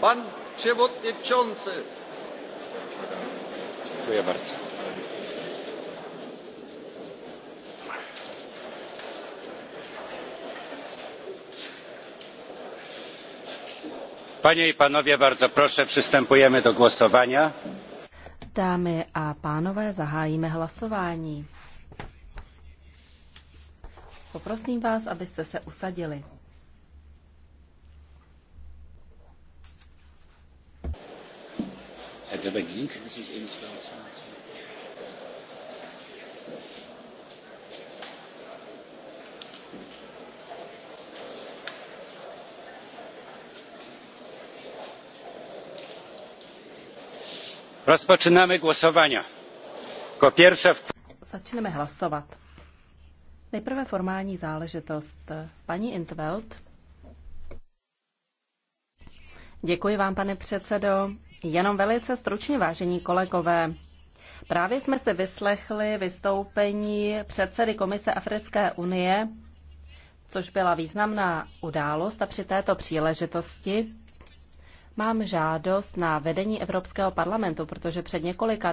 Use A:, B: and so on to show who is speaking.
A: Pan przewodniczący.
B: Dziękuję bardzo.
C: Panie i panowie, bardzo proszę, przystępujemy do głosowania.
D: Dámy a pánové, zahájíme hlasování. Poprosím vás, abyste se usadili.
E: It
C: Rozpoczynamy głosowania. Jako pierwsza w...
D: Zaczynamy głosować. Najpierw formalna záležitost. Pani Intveld Děkuji vám, pane předsedo. Jenom velice stručně, vážení kolegové. Právě jsme si vyslechli vystoupení předsedy Komise Africké unie, což byla významná událost a při této příležitosti mám žádost na vedení Evropského parlamentu, protože před několika